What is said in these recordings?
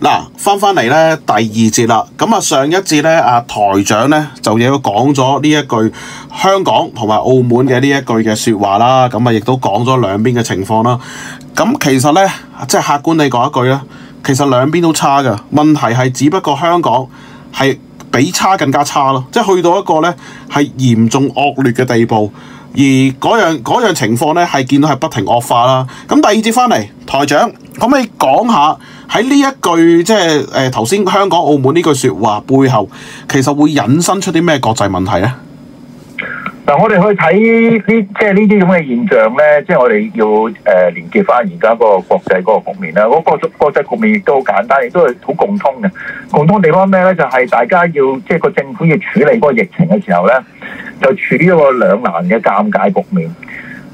嗱，翻翻嚟咧第二節啦，咁啊上一節咧啊台長咧就亦都講咗呢一句香港同埋澳門嘅呢一句嘅説話啦，咁啊亦都講咗兩邊嘅情況啦。咁其實咧即係客觀你講一句啦，其實兩邊都差㗎，問題係只不過香港係比差更加差咯，即係去到一個咧係嚴重惡劣嘅地步。而嗰樣，嗰樣情況呢，係見到係不停惡化啦。咁第二節翻嚟，台長可唔可以講下喺呢一句即係誒頭先香港澳門呢句説話背後，其實會引申出啲咩國際問題呢？嗱，我哋去睇呢，即係呢啲咁嘅現象咧，即係我哋要誒連結翻而家個國際嗰個局面啦。嗰、那個國際局面亦都好簡單，亦都係好共通嘅。共通地方咩咧？就係、是、大家要即係個政府要處理嗰個疫情嘅時候咧，就處於一個兩難嘅尷尬局面。誒、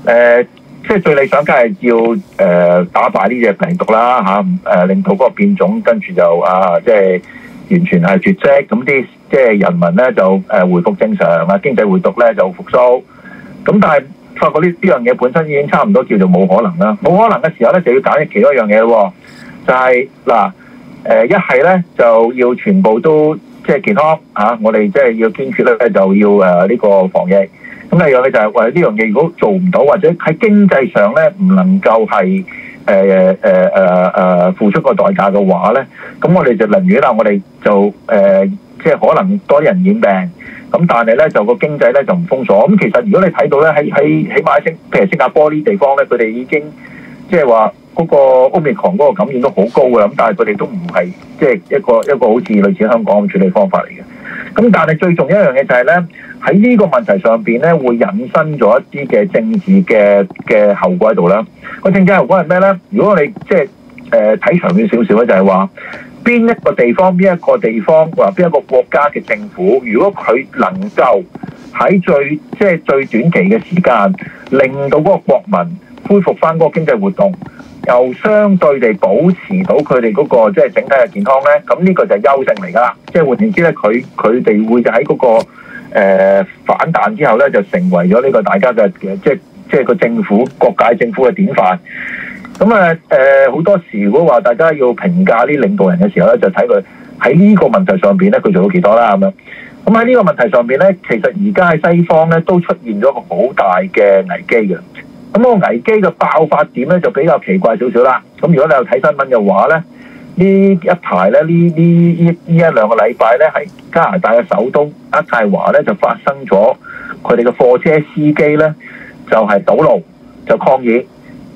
呃，即係最理想梗係要誒、呃、打敗呢隻病毒啦嚇，誒、啊呃、令到嗰個變種跟住就啊，即係完全係絕跡咁啲。即係人民咧就誒回復正常啊，經濟回復咧就復甦。咁但係發覺呢呢樣嘢本身已經差唔多叫做冇可能啦。冇可能嘅時候咧，就要揀其他一樣嘢喎。就係嗱誒，一係咧就要全部都即係健康嚇，我哋即係要堅決咧就要誒呢個防疫。咁第二樣咧就係話呢樣嘢如果做唔到或者喺經濟上咧唔能夠係誒誒誒誒付出個代價嘅話咧，咁我哋就寧願啦，我哋就誒。即係可能多人染病，咁但係咧就個經濟咧就唔封鎖。咁其實如果你睇到咧喺喺起碼喺星，譬如新加坡呢地方咧，佢哋已經即係話嗰個奧密克嗰個感染都好高嘅，咁但係佢哋都唔係即係一個一個好似類似香港嘅處理方法嚟嘅。咁但係最重要一樣嘢就係咧喺呢個問題上邊咧會引申咗一啲嘅政治嘅嘅後果喺度啦。個政治後果係咩咧？如果你即係誒睇長遠少少咧，就係話。邊一個地方，邊一個地方，或邊一個國家嘅政府，如果佢能夠喺最即係最短期嘅時間，令到嗰個國民恢復翻嗰個經濟活動，又相對地保持到佢哋嗰個即係整體嘅健康呢，咁呢個就係優勝嚟噶啦。即係換言之呢，佢佢哋會就喺嗰個誒、呃、反彈之後呢，就成為咗呢個大家嘅即係即係個政府各界政府嘅典範。咁啊，誒好、呃、多時，如果話大家要評價啲領導人嘅時候咧，就睇佢喺呢個問題上邊咧，佢做到幾多啦咁樣。咁喺呢個問題上邊咧，其實而家喺西方咧都出現咗個好大嘅危機嘅。咁、那個危機嘅爆發點咧就比較奇怪少少啦。咁如果你有睇新聞嘅話咧，一呢一排咧呢呢呢呢一兩個禮拜咧，喺加拿大嘅首都渥太華咧就發生咗佢哋嘅貨車司機咧就係、是、堵路就抗議。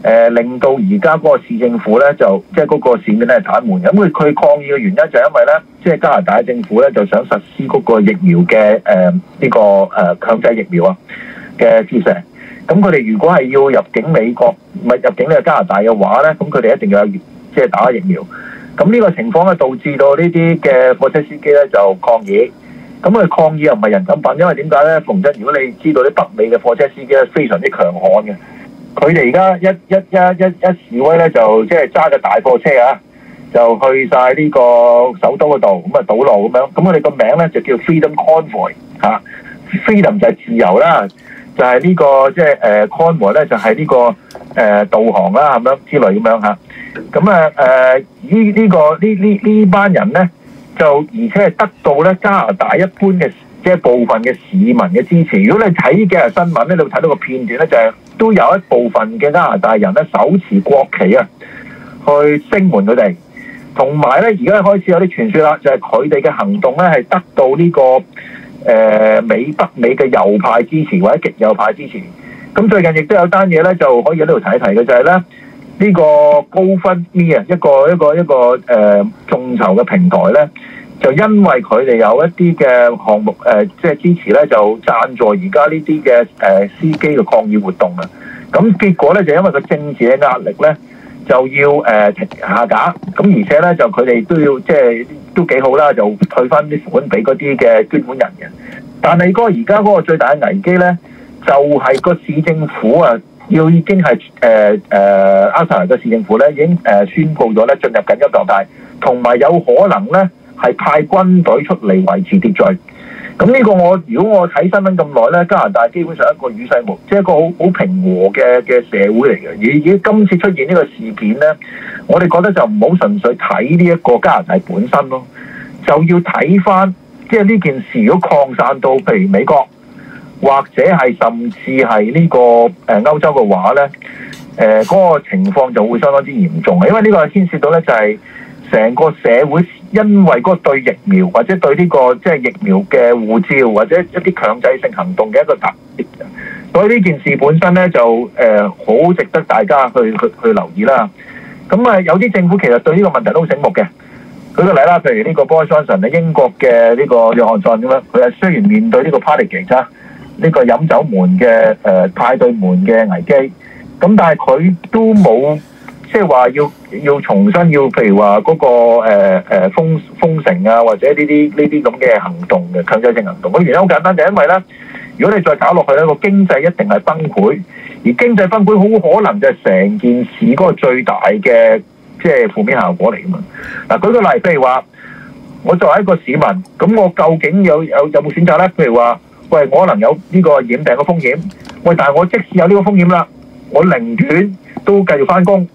誒、呃、令到而家嗰個市政府咧，就即係嗰個市面咧係癱瘓。咁、嗯、佢抗議嘅原因就係因為咧，即係加拿大政府咧就想實施嗰個疫苗嘅誒呢個誒、呃、強制疫苗啊嘅措施。咁佢哋如果係要入境美國，唔係入境咧加拿大嘅話咧，咁佢哋一定要有即係、就是、打疫苗。咁、嗯、呢、這個情況咧導致到呢啲嘅貨車司機咧就抗議。咁、嗯、佢抗議又唔係人咁品，因為點解咧？馮生如果你知道啲北美嘅貨車司機咧，非常之強悍嘅。佢哋而家一一一一一示威咧，就即係揸架大貨車啊，就去晒呢個首都嗰度，咁啊堵路咁樣，咁我哋個名咧就叫 Freedom Convoy 吓 Freedom 就係自由啦，就係呢個即係誒 Convoy 咧就係呢個誒導航啦咁樣之類咁樣吓，咁啊誒呢呢個呢呢呢班人咧，就而且係得到咧加拿大一般嘅。即係部分嘅市民嘅支持。如果你睇嘅新聞咧，你會睇到個片段咧，就係、是、都有一部分嘅加拿大人咧，手持國旗啊，去聲援佢哋。同埋咧，而家開始有啲傳説啦，就係佢哋嘅行動咧，係得到呢、這個誒、呃、美北美嘅右派支持或者極右派支持。咁、嗯、最近亦都有單嘢咧，就可以喺、就是、呢度睇、這個、一睇嘅就係咧，呢個 GoFundMe 啊，一個一個一個誒、呃、眾籌嘅平台咧。就因為佢哋有一啲嘅項目，誒、呃、即係支持咧，就贊助而家呢啲嘅誒司機嘅抗議活動啊。咁結果咧就因為個政治嘅壓力咧，就要、呃、停下架。咁而且咧就佢哋都要即係都幾好啦，就退翻啲款俾嗰啲嘅捐款人嘅。但係嗰個而家嗰個最大嘅危機咧，就係、是、個市政府啊，要已經係誒誒阿薩尼嘅市政府咧，已經誒宣佈咗咧進入緊急狀態，同埋有，有可能咧。係派軍隊出嚟維持秩序，咁呢個我如果我睇新聞咁耐呢，加拿大基本上一個與世無，即係一個好好平和嘅嘅社會嚟嘅。而而今次出現呢個事件呢，我哋覺得就唔好純粹睇呢一個加拿大本身咯，就要睇翻即係呢件事如果擴散到譬如美國或者係甚至係呢個誒歐洲嘅話呢，誒嗰個情況就會相當之嚴重嘅，因為呢個牽涉到呢，就係成個社會。因為嗰個對疫苗或者對呢、這個即係、就是、疫苗嘅護照或者一啲強制性行動嘅一個特色，所以呢件事本身咧就誒好、呃、值得大家去去去留意啦。咁啊，有啲政府其實對呢個問題都好醒目嘅。舉個例啦，譬如呢個 Boris Johnson 啊，英國嘅呢個約翰遜咁樣，佢係雖然面對呢個 Partygate 啊，呢個飲酒門嘅誒派對門嘅危機，咁但係佢都冇。即係話要要重新要，譬如話嗰個誒誒封封城啊，或者呢啲呢啲咁嘅行動嘅強制性行動。咁原因好簡單，就因為咧，如果你再搞落去咧，個經濟一定係崩潰，而經濟崩潰好可能就係成件事嗰個最大嘅即係負面效果嚟噶嘛。嗱，舉個例，譬如話我作為一個市民，咁我究竟有有有冇選擇咧？譬如話，喂，我可能有呢個染病嘅風險，喂，但係我即使有呢個風險啦，我寧願都繼續翻工。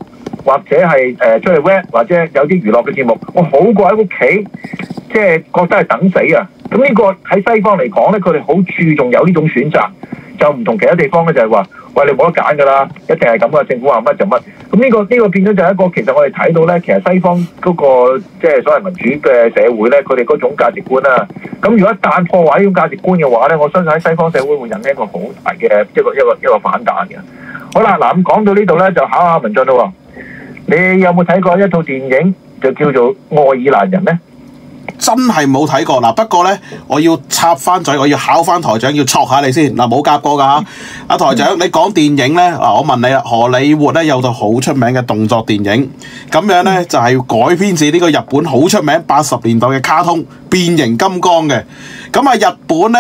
或者係誒出去 work 或者有啲娛樂嘅節目，我好過喺屋企，即係覺得係等死啊！咁呢個喺西方嚟講呢，佢哋好注重有呢種選擇，就唔同其他地方嘅就係話喂，你冇得揀㗎啦，一定係咁啊！政府話乜就乜。咁呢個呢個變咗就係一個其實我哋睇到呢，其實西方嗰個即係所謂民主嘅社會呢，佢哋嗰種價值觀啊，咁如果一旦破壞咗呢種價值觀嘅話呢，我相信喺西方社會會引起一個好大嘅即係一個一個一個反彈嘅。好啦，嗱咁講到呢度呢，就考下文進啦。你有冇睇過一套電影就叫做《愛爾蘭人》呢？真係冇睇過嗱，不過呢，我要插翻嘴，我要考翻台長，要錯下你先嗱，冇夾過噶嚇。阿、嗯啊、台長，你講電影呢？嗱，我問你啦，荷里活呢？有套好出名嘅動作電影，咁樣呢，嗯、就係要改編自呢個日本好出名八十年代嘅卡通《變形金剛》嘅，咁啊日本呢。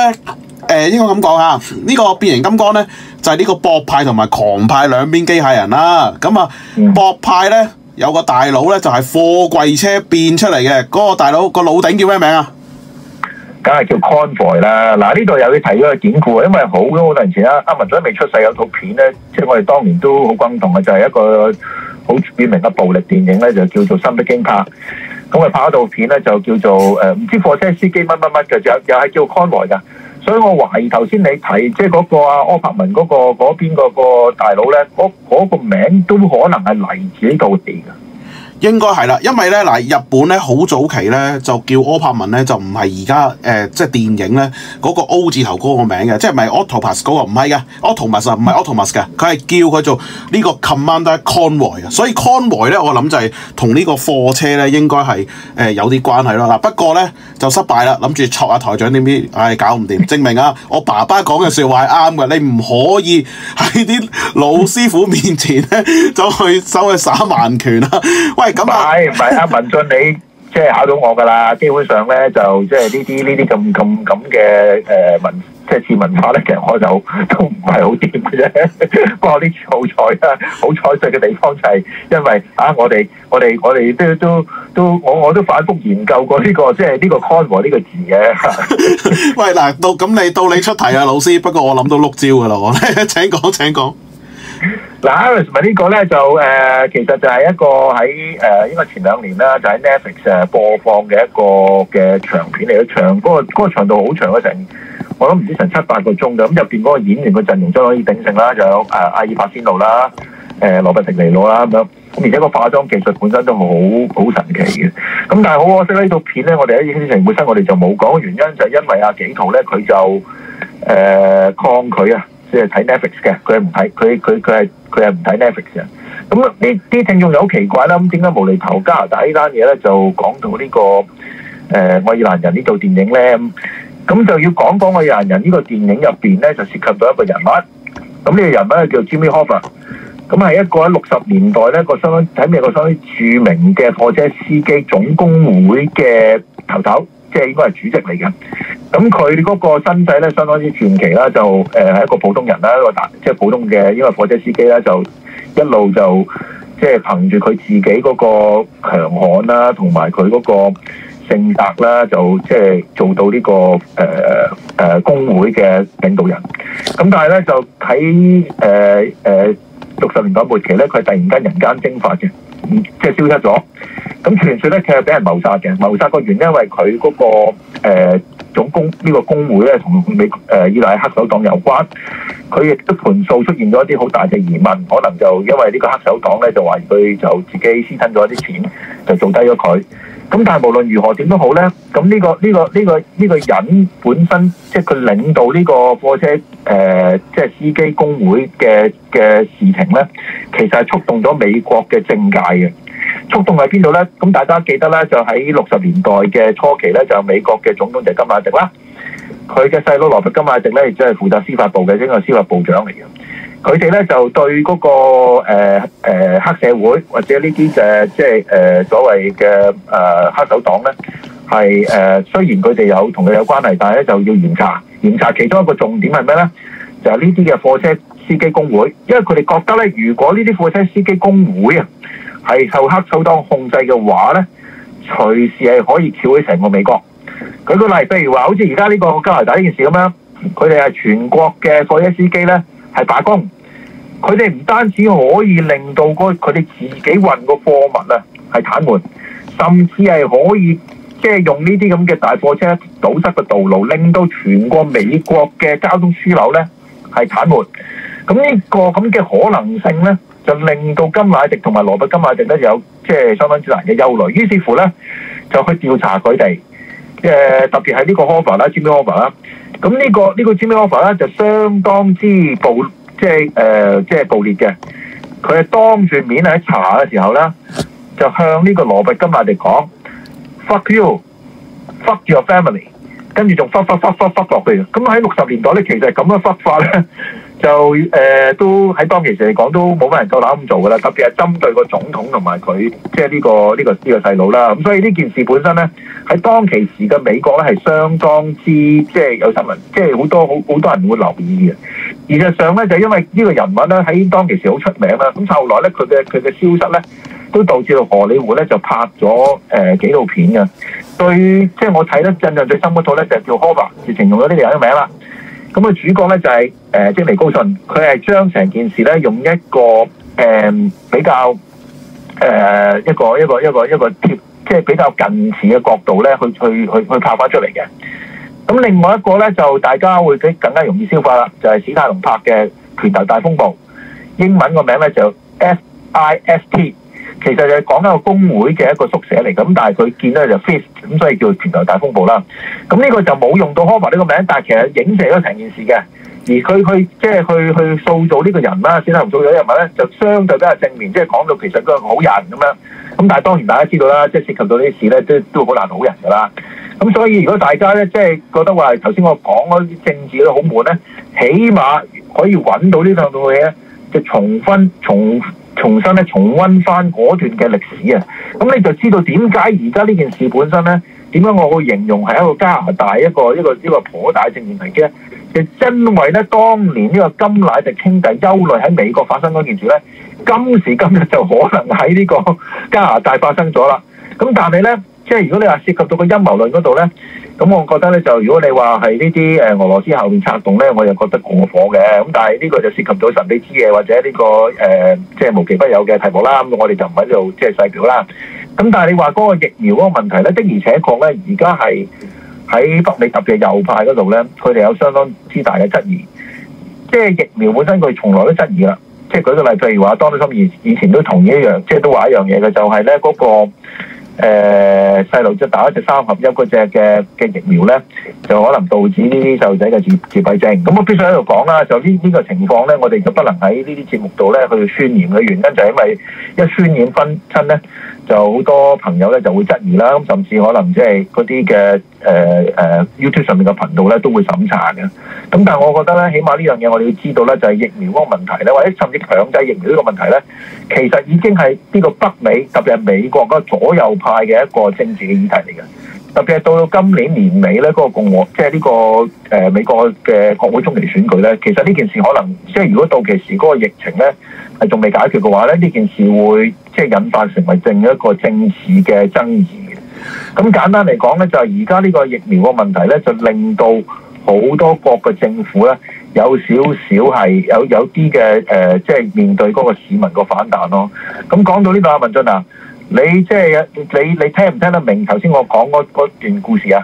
誒，應該咁講吓，呢、這個變形金剛咧就係、是、呢個博派同埋狂派兩邊機械人啦。咁啊，嗯、博派咧有個大佬咧就係貨櫃車變出嚟嘅，嗰、那個大佬、那個老頂叫咩名叫啊？梗係叫 Convoy 啦。嗱，呢度又要提個典故啊，因為好耐好多年前啊，阿文仔未出世有套片咧，即係我哋當年都好轟動嘅，就係、是、一個好著名嘅暴力電影咧，就叫做森柏金柏。咁啊，拍嗰套片咧就叫做誒，唔、呃、知貨車司機乜乜乜嘅，又又係叫 Convoy 噶。所以我懷疑頭先你提即嗰個柯柏文嗰，嗰個嗰邊嗰個大佬呢，嗰、嗰，嗰個名都可能係嚟自呢度嚟㗎。應該係啦，因為咧嗱，日本咧好早期咧就叫柯柏文咧就唔係而家誒即係電影咧嗰個 O 字頭嗰個名嘅，即係咪 Optimus 唔係嘅，Optimus 唔係 Optimus 嘅，佢係叫佢做呢個 Commander Convoy 啊。所以 Convoy 咧，我諗就係同呢個貨車咧應該係誒、呃、有啲關係咯。嗱，不過咧就失敗啦，諗住戳下台長點知，唉、哎、搞唔掂，證明啊我爸爸講嘅説話係啱嘅，你唔可以喺啲老師傅面前咧走 去走去耍盲拳啊，喂！唔係唔係啊！文進你即係考到我㗎啦。基本上咧就即係呢啲呢啲咁咁咁嘅誒文即係次文化咧，其實我就都唔係好掂嘅啫。不過呢次好彩啦，好彩在嘅地方就係因為啊，我哋我哋我哋都都都我我都反覆研究過呢個即係呢個 Con 和呢個字嘅。喂嗱，到咁你到你出題啊，老師。不過我諗到碌爪㗎啦，請講請講。嗱，Alex，咪呢個咧，就誒，其實就係一個喺，誒，應該前兩年啦，就喺 Netflix 誒播放嘅一個嘅長片嚟嘅長，嗰個嗰個長度好長，成我諗唔知成七八個鐘噶。咁入邊嗰個演員嘅陣容都可以鼎盛啦，就有誒阿爾柏仙奴啦，誒羅伯迪尼路啦咁樣。咁而且個化妝技術本身都好好神奇嘅。咁但係好可惜咧，呢套片咧，我哋喺影之前本身我哋就冇講嘅原因就係因為阿景圖咧，佢就誒抗拒啊。即係睇 Netflix 嘅，佢係唔睇，佢佢佢係佢係唔睇 Netflix 嘅。咁呢啲聽眾又好奇怪啦，咁點解無厘頭加拿大呢單嘢咧，就講到呢、這個誒、呃、愛爾蘭人呢套電影咧？咁、嗯嗯、就要講講愛爾蘭人呢個電影入邊咧，就涉及到一個人物。咁、嗯、呢、這個人物叫 Jimmy Hoffa，咁、er, 係、嗯、一個喺六十年代咧，一個相當喺邊一個相當著名嘅貨車司機總工會嘅頭頭。即係應該係主席嚟嘅，咁佢嗰個身世咧，相當於傳奇啦。就誒係、呃、一個普通人啦，一個即係普通嘅因為火車司機啦，就一路就即係憑住佢自己嗰個強悍啦，同埋佢嗰個性格啦，就即係做到呢、這個誒誒、呃呃、工會嘅領導人。咁但係咧就喺誒誒六十年代末期咧，佢係突然間人間蒸發嘅。即係消失咗，咁傳説咧佢係俾人謀殺嘅。謀殺個原因，因為、嗰個，因佢嗰個誒總工呢、呢個工會咧，同美誒意大利黑手黨有關。佢亦都盤數出現咗一啲好大嘅疑問，可能就因為呢個黑手黨咧就話佢就自己私吞咗一啲錢，就做低咗佢。咁但係無論如何點都好呢，咁呢個呢個呢個呢個人本身，即係佢領導呢個貨車誒、呃，即係司機工會嘅嘅事情呢，其實係觸動咗美國嘅政界嘅。觸動喺邊度呢？咁大家記得呢就喺六十年代嘅初期呢就有美國嘅總統就金馬迪啦。佢嘅細佬羅伯金馬迪呢，亦都係負責司法部嘅一個司法部長嚟嘅。佢哋咧就對嗰、那個誒、呃呃、黑社會或者呢啲誒即係誒所謂嘅誒黑手黨咧，係誒、呃、雖然佢哋有同佢有關係，但係咧就要嚴查。嚴查其中一個重點係咩咧？就係呢啲嘅貨車司機工會，因為佢哋覺得咧，如果呢啲貨車司機工會啊係受黑手黨控制嘅話咧，隨時係可以撬起成個美國。舉個例，譬如話，好似而家呢個加拿大呢件事咁樣，佢哋係全國嘅貨車司機咧，係罷工，佢哋唔單止可以令到嗰佢哋自己運個貨物啊，係癱瘓，甚至係可以即係用呢啲咁嘅大貨車堵塞個道路，令到全個美國嘅交通樞紐咧係癱瘓。咁呢個咁嘅可能性咧，就令到甘乃迪同埋羅伯甘乃迪咧有即係相當之難嘅憂慮。於是乎咧，就去調查佢哋，誒特別係呢個 Hoffa 啦，Jimmy Hoffa 啦？咁呢、這個呢、這個 Jimmy Hoffa 咧，就相當之暴，即係誒、呃，即係暴烈嘅。佢係當住面喺查嘅時候咧，就向呢個羅伯甘迺迪講 fuck you，fuck your family，跟住仲 fuck fuck fuck fuck 落去。咁喺六十年代咧，其實係咁樣 fuck 法咧。 就誒、呃、都喺當其時嚟講都冇乜人夠膽咁做噶啦，特別係針對個總統同埋佢即係呢個呢、呢個呢、呢個細佬啦。咁所以呢件事本身呢，喺當其時嘅美國呢係相當之即係、就是、有新聞，即係好多好好多人會留意嘅。事實上呢，就因為呢個人物呢喺當其時好出名啦，咁後來呢，佢嘅佢嘅消失呢，都導致到荷里活呢就拍咗誒紀錄片嘅。對即係我睇得印象最深嗰套呢，就係叫 Homer。直情用咗呢個人嘅名啦。咁嘅主角咧就係誒《積尼高遜》，佢係將成件事咧用一個誒、呃、比較誒、呃、一個一個一個一個貼，即係比較近似嘅角度咧去去去去拍翻出嚟嘅。咁另外一個咧就大家會啲更加容易消化啦，就係、是、史泰龍拍嘅《拳頭大風暴》，英文個名咧就 FIST。其實就係講緊個工會嘅一個宿舍嚟，咁但係佢見到就 fit，咁所以叫拳頭大風暴啦。咁、嗯、呢、呢個就冇用到 Hoffa 呢個名，但係其實影射咗成件事嘅。而佢去即係去去塑造呢個人啦，先後塑造個人物咧，就相對比較正面，即、就、係、是、講到其實佢係好人咁樣。咁、嗯、但係當然大家知道啦，即係涉及到呢啲事咧，都都好難好人㗎啦。咁、嗯、所以如果大家咧即係覺得話頭先我講嗰啲政治都好悶咧，起碼可以揾到呢套套戲咧，就重婚重。重新咧，重溫翻嗰段嘅歷史啊，咁你就知道點解而家呢件事本身呢，點解我會形容係一個加拿大一個一個一個頗大政治危機咧？就因為呢，當年呢個甘迺迪兄弟憂慮喺美國發生嗰件事呢，今時今日就可能喺呢個加拿大發生咗啦。咁但係呢，即係如果你話涉及到個陰謀論嗰度呢。咁我覺得咧就，如果你話係呢啲誒俄羅斯後面策動咧，我又覺得過火嘅。咁但係呢個就涉及到神秘之夜或者呢個誒，即係無奇不有嘅題目啦。咁我哋就唔喺度即係細表啦。咁但係你話嗰個疫苗嗰個問題咧，的而且確咧，而家係喺北美特別右派嗰度咧，佢哋有相當之大嘅質疑。即係疫苗本身佢從來都質疑啦。即係舉個例，譬如話，多德森以以前都同意一樣，即係都話一樣嘢嘅，就係咧嗰個。誒細路仔打一隻三合一嗰隻嘅嘅疫苗咧，就可能導致呢啲細路仔嘅自自閉症。咁我必須喺度講啦，就呢呢個情況咧，我哋就不能喺呢啲節目度咧去宣傳嘅原因就係因為一宣傳分親咧。就好多朋友咧就會質疑啦，咁甚至可能即係嗰啲嘅誒誒 YouTube 上面嘅頻道咧都會審查嘅。咁但係我覺得咧，起碼呢樣嘢我哋要知道咧，就係疫苗嗰個問題咧，或者甚至強制疫苗呢個問題咧，其實已經係呢個北美特別係美國嘅左右派嘅一個政治嘅議題嚟嘅。特別係到到今年年尾咧，嗰個共和，即係呢個誒美國嘅國會中期選舉咧，其實呢件事可能，即係如果到期時嗰個疫情咧係仲未解決嘅話咧，呢件事會即係引發成為另一個政治嘅爭議嘅。咁簡單嚟講咧，就係而家呢個疫苗個問題咧，就令到好多國嘅政府咧有少少係有有啲嘅誒，即係面對嗰個市民個反彈咯。咁講到呢度啊，文進啊。你即、就、係、是、你你聽唔聽得明頭先我講嗰段故事啊？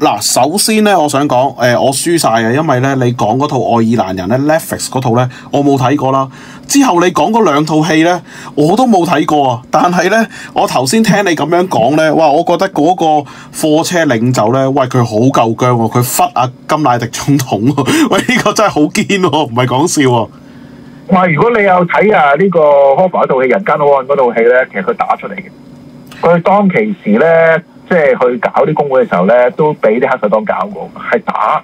嗱，首先呢，我想講，誒、呃，我輸晒啊，因為呢，你講嗰套愛爾蘭人咧，Netflix 嗰套呢，我冇睇過啦。之後你講嗰兩套戲呢，我都冇睇過。但係呢，我頭先聽你咁樣講呢，哇！我覺得嗰個貨車領袖呢，喂，佢好夠姜喎、啊，佢忽阿甘迺迪總統喎、啊，喂，呢、這個真係好堅喎，唔係講笑喎、啊。同埋如果你有睇啊呢個 Hoffa 一套戲《人間好漢》嗰套戲咧，其實佢打出嚟嘅，佢當其時咧，即係去搞啲工會嘅時候咧，都俾啲黑手黨搞過，係打，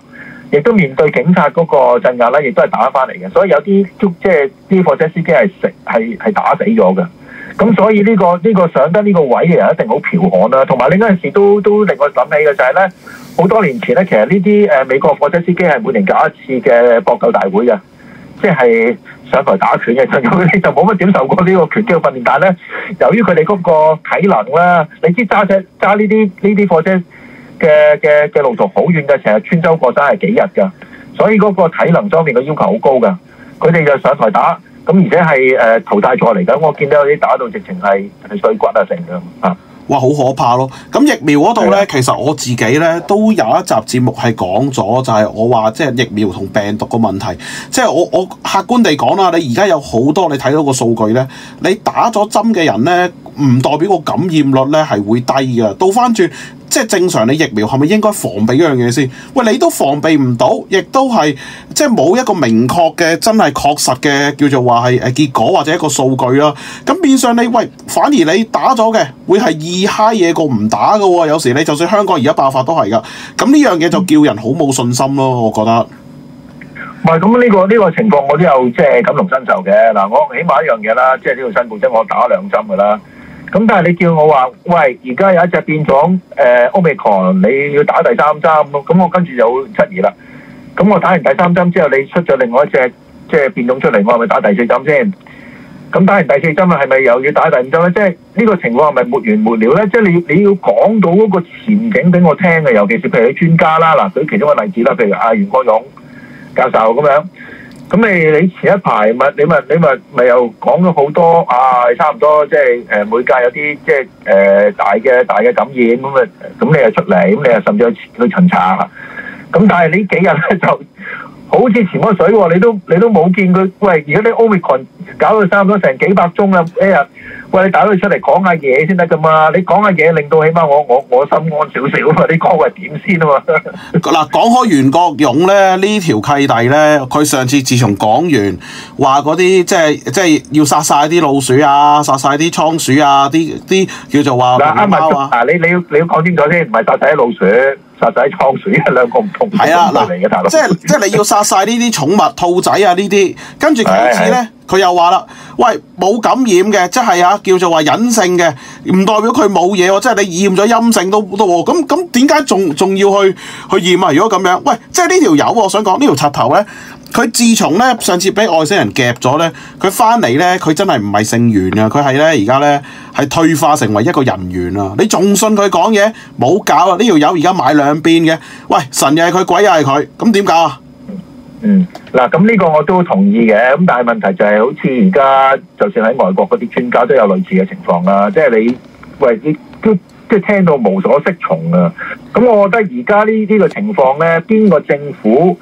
亦都面對警察嗰個鎮壓咧，亦都係打翻嚟嘅。所以有啲即係啲貨車司機係食係係打死咗嘅。咁所以呢個呢個上得呢個位嘅人一定好剽悍啦。同埋另一件事都都令我諗起嘅就係咧，好多年前咧，其實呢啲誒美國貨車司機係每年搞一次嘅搏鬥大會嘅。即係上台打拳嘅，佢哋就冇乜點受過呢個拳擊嘅訓練，但係咧，由於佢哋嗰個體能啦，你知揸車揸呢啲呢啲貨車嘅嘅嘅路途好遠嘅，成日穿州過山係幾日㗎，所以嗰個體能方面嘅要求好高㗎。佢哋就上台打，咁而且係誒、呃、淘汰賽嚟㗎。我見到有啲打到直情係係碎骨啊成㗎，啊、呃！哇，好可怕咯！咁疫苗嗰度呢，吧其實我自己呢都有一集節目係講咗，就係、是、我話即係疫苗同病毒個問題，即、就、係、是、我我客觀地講啦，你而家有好多你睇到個數據呢，你打咗針嘅人呢，唔代表個感染率咧係會低嘅，倒翻轉即係正常。你疫苗係咪應該防備一樣嘢先？喂，你都防備唔到，亦都係即係冇一個明確嘅真係確實嘅叫做話係誒結果或者一個數據啦。咁變相你喂反而你打咗嘅會係二嗨嘢過唔打嘅喎，有時你就算香港而家爆發都係噶。咁呢樣嘢就叫人好冇信心咯，我覺得。唔係咁呢個呢、呢個情況我，我都有即係感同身受嘅嗱。我起碼一樣嘢啦，即係呢個新聞即係、就是、我打兩針嘅啦。咁但係你叫我話，喂，而家有一隻變種，誒、呃，奧密克隆，你要打第三針咁，我跟住就質疑啦。咁我打完第三針之後，你出咗另外一隻，即係變種出嚟，我係咪打第四針先？咁打完第四針啊，係咪又要打第五針咧？即係呢個情況係咪沒完沒了咧？即係你你要講到嗰個前景俾我聽嘅，尤其是譬如啲專家啦，嗱舉其中一個例子啦，譬如阿袁國勇教授咁樣。咁你你前一排咪你咪你咪咪又講咗好多啊，差唔多即係誒每屆有啲即係誒、呃、大嘅大嘅感染咁啊，咁你又出嚟，咁你又甚至去去巡查咁，但係呢幾日咧就好似潛咗水，你都你都冇見佢。喂，而家啲 Omicron 搞到差唔多成幾百宗啊一日。哎喂，你打佢出嚟講下嘢先得噶嘛！你講下嘢，令到起碼我我我心安少少啊！你嘛講係點先啊？嘛嗱，講開袁國勇咧，條呢條契弟咧，佢上次自從講完話嗰啲，即係即係要殺晒啲老鼠啊，殺晒啲倉鼠啊，啲啲叫做話、啊，嗱啱唔啱，你你要你要講清楚先，唔係殺晒啲老鼠。殺仔倉鼠啊，兩個唔同。係啊，嗱，即係即係你要殺晒呢啲寵物兔仔啊呢啲，跟住其次咧，佢又話啦，喂，冇感染嘅，即係啊，叫做話隱性嘅，唔代表佢冇嘢喎，即係你驗咗陰性都都喎，咁咁點解仲仲要去去驗啊？如果咁樣，喂，即係呢條友，我想講呢條插頭咧。佢自從咧上次俾外星人夾咗咧，佢翻嚟咧，佢真係唔係聖賢啊！佢係咧而家咧係退化成為一個人猿啊！你仲信佢講嘢？冇搞啊！呢條友而家買兩邊嘅，喂，神又係佢，鬼又係佢，咁點搞啊？嗯，嗱咁呢個我都同意嘅，咁但係問題就係好似而家就算喺外國嗰啲專家都有類似嘅情況啊，即係你喂，你都聽到無所適從啊！咁我覺得而家呢呢個情況咧，邊個政府？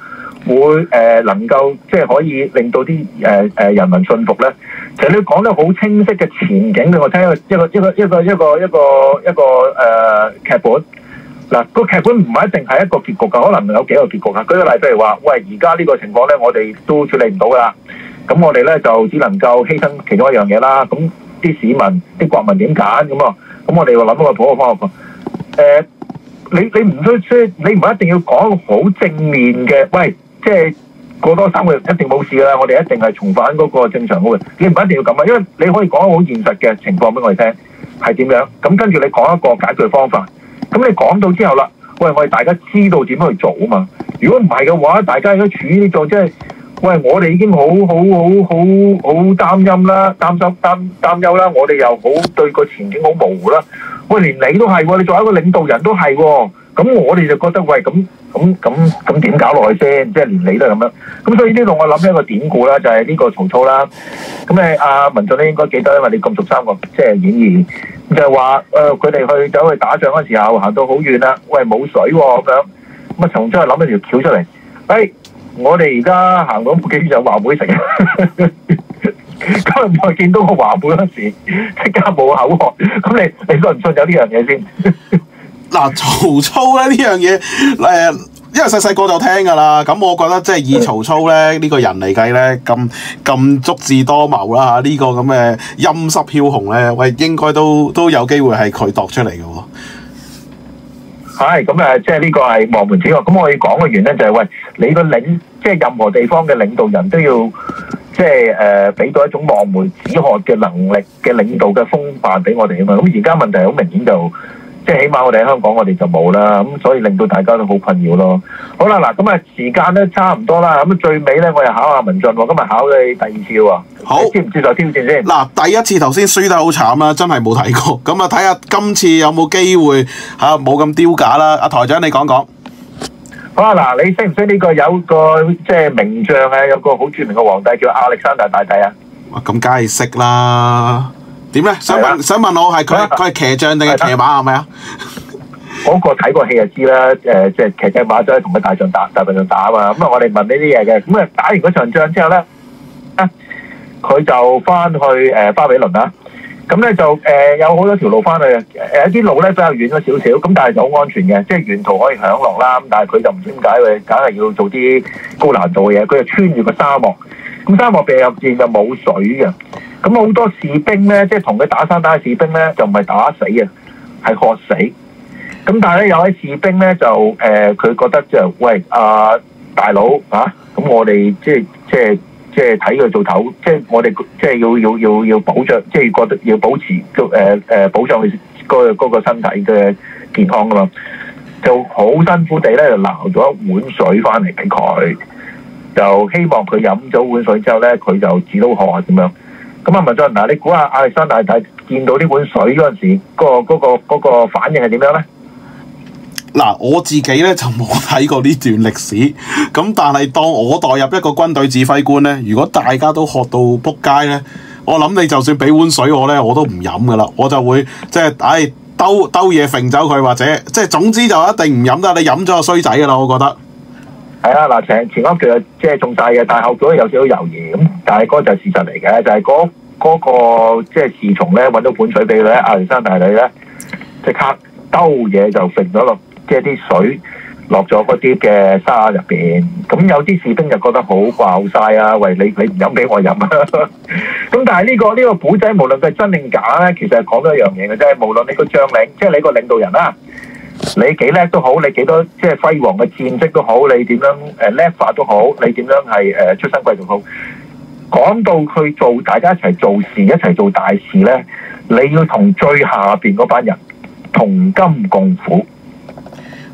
會誒、呃、能夠即係可以令到啲誒誒人民信服咧，其實你講得好清晰嘅前景俾我聽一個一個一個一個一個一個一個誒劇本。嗱個劇本唔係一定係一個結局㗎，可能有幾個結局㗎。舉個例，譬如話，喂，而家呢個情況咧，我哋都處理唔到㗎啦。咁我哋咧就只能夠犧牲其中一樣嘢啦。咁、那、啲、個、市民、啲國民點揀咁啊？咁我哋話諗一個普通方法。誒、呃，你你唔需即你唔係一定要講一個好正面嘅，喂。即係過多三個月一定冇事啦，我哋一定係重返嗰個正常嘅。你唔係一定要咁啊，因為你可以講好現實嘅情況俾我哋聽，係點樣？咁跟住你講一個解決方法。咁你講到之後啦，喂，我哋大家知道點樣去做啊嘛？如果唔係嘅話，大家應該處於呢種即係，喂，我哋已經好好好好好擔憂啦，擔心擔擔憂啦，我哋又好對個前景好模糊啦。喂，連你都係喎、哦，你作為一個領導人都係喎、哦。咁我哋就覺得喂，咁咁咁咁點搞落去先？即係連你都係咁樣，咁所以呢度我諗一個典故啦，就係呢個曹操啦。咁誒，阿文俊咧應該記得，因為你咁熟三國即係演義，就係話誒佢哋去走去打仗嗰時候，行到好遠啦，喂，冇水喎咁。咁啊曹操又諗一條橋出嚟，誒我哋而家行到幾遠就華僑城，咁啊見到個華僑嗰時即刻冇口渴，咁你你信唔信有呢樣嘢先？嗱，曹操咧呢樣嘢，誒，因為細細個就聽噶啦，咁我覺得即係以曹操咧呢個人嚟計咧，咁咁足智多謀啦吓，呢個咁嘅陰濕梟雄咧，喂，應該都都有機會係佢度出嚟嘅。係，咁啊，即係呢個係望梅止渴。咁我要講嘅原因就係喂，你個領，即係任何地方嘅領導人都要，即係誒，俾到一種望梅止渴嘅能力嘅領導嘅風範俾我哋啊嘛。咁而家問題好明顯就。即係起碼我哋喺香港，我哋就冇啦，咁所以令到大家都好困擾咯。好啦，嗱咁啊，時間咧差唔多啦，咁最尾咧，我又考下文進喎，今日考你第二招啊。好，接唔接受挑戰先？嗱，第一次頭先輸得好慘啦，真係冇睇過。咁啊，睇下今次有冇機會嚇冇咁丟架啦。阿台長，你講講。好啊，嗱，你識唔識呢個有個即係名將啊？有個好著名嘅皇帝叫亞歷山大大帝啊？哇，咁梗係識啦。點咧？想問的想問我係佢佢係騎象定係騎馬係咪啊？講睇的 過戲就知啦。誒、呃，即係騎隻馬都同佢大象打大笨象打啊嘛。咁啊，我哋問呢啲嘢嘅。咁啊，打完嗰場仗之後咧，佢就返去誒巴比倫啦。咁咧就誒有好多條路返去。誒一啲路咧、呃、比較遠咗少少，咁但係就好安全嘅，即、就、係、是、沿途可以享樂啦。咁但係佢就唔知點解佢梗係要做啲高難度嘅嘢。佢就穿越個沙漠。咁沙漠並入邊就冇水嘅，咁好多士兵咧，即係同佢打生打嘅士兵咧，就唔係打死嘅，係渴死。咁但係咧，有啲士兵咧就誒，佢覺得就喂，啊大佬啊，咁、啊、我哋即係即係即係睇佢做頭，即係我哋即係要要要要保障，即係覺得要保持個誒誒保障佢嗰個身體嘅健康噶嘛，就好辛苦地咧就撈咗一碗水翻嚟俾佢。就希望佢飲咗碗水之後呢，佢就止到渴，咁樣？咁啊，文進，嗱，你估下亞歷山大大見到呢碗水嗰陣時，嗰個、嗰個嗰個反應係點樣呢？嗱，我自己呢，就冇睇過呢段歷史，咁但係當我代入一個軍隊指揮官呢，如果大家都喝到仆街呢，我諗你就算俾碗水我呢，我都唔飲噶啦，我就會即係唉兜兜嘢揈走佢，或者即係總之就一定唔飲啦，你飲咗個衰仔噶啦，我覺得。係啊，嗱，前前屋橛啊，即係仲大嘅，但係後果有少少猶疑，咁但係嗰就係事實嚟嘅，就係、是、嗰、那個即係侍從咧揾到本水俾佢咧，亞歷山大女咧即刻兜嘢就揈咗落，即係啲水落咗嗰啲嘅沙入邊，咁有啲士兵就覺得好暴晒啊！喂，你你唔飲俾我飲啊！咁 但係呢、這個呢、這個古仔無論佢係真定假咧，其實係講咗一樣嘢嘅，即係無論你個將領，即、就、係、是、你個領導人啦。你幾叻都好，你幾多即係輝煌嘅戰績都好，你點樣誒叻法都好，你點樣係誒出身貴族都好，講到去做，大家一齊做事，一齊做大事呢，你要同最下邊嗰班人同甘共苦。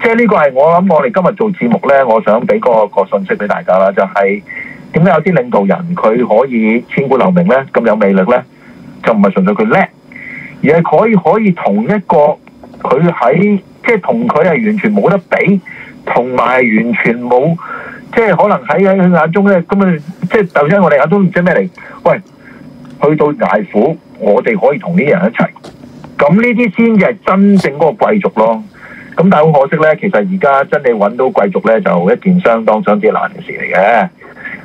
即係呢個係我諗我哋今日做節目呢，我想俾嗰個個信息俾大家啦，就係點解有啲領導人佢可以千古留名呢，咁有魅力呢，就唔係純粹佢叻，而係可以可以同一個佢喺。即係同佢係完全冇得比，同埋完全冇，即係可能喺喺佢眼中咧，咁啊，即係頭先我哋眼中唔知咩嚟。喂，去到崖虎，我哋可以同呢啲人一齊，咁呢啲先至係真正嗰個貴族咯。咁但係好可惜咧，其實而家真係揾到貴族咧，就一件相當相當之難嘅事嚟嘅。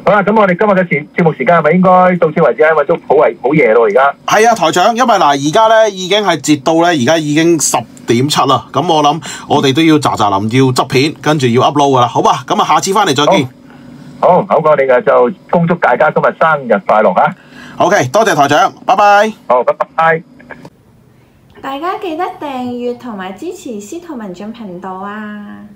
好啦，咁我哋今日嘅節節目時間係咪應該到此為止啊？因為都好為好夜咯，而家係啊，台長，因為嗱，而家咧已經係截到咧，而家已經十點七啦。咁、嗯、我諗我哋都要咋咋臨要執片，跟住要 upload 噶啦，好吧，咁、嗯、啊，下次翻嚟再見好。好，好，你哋就恭祝大家今日生日快樂啊！OK，多謝台長，拜拜。好，拜拜。大家記得訂閱同埋支持司徒文進頻道啊！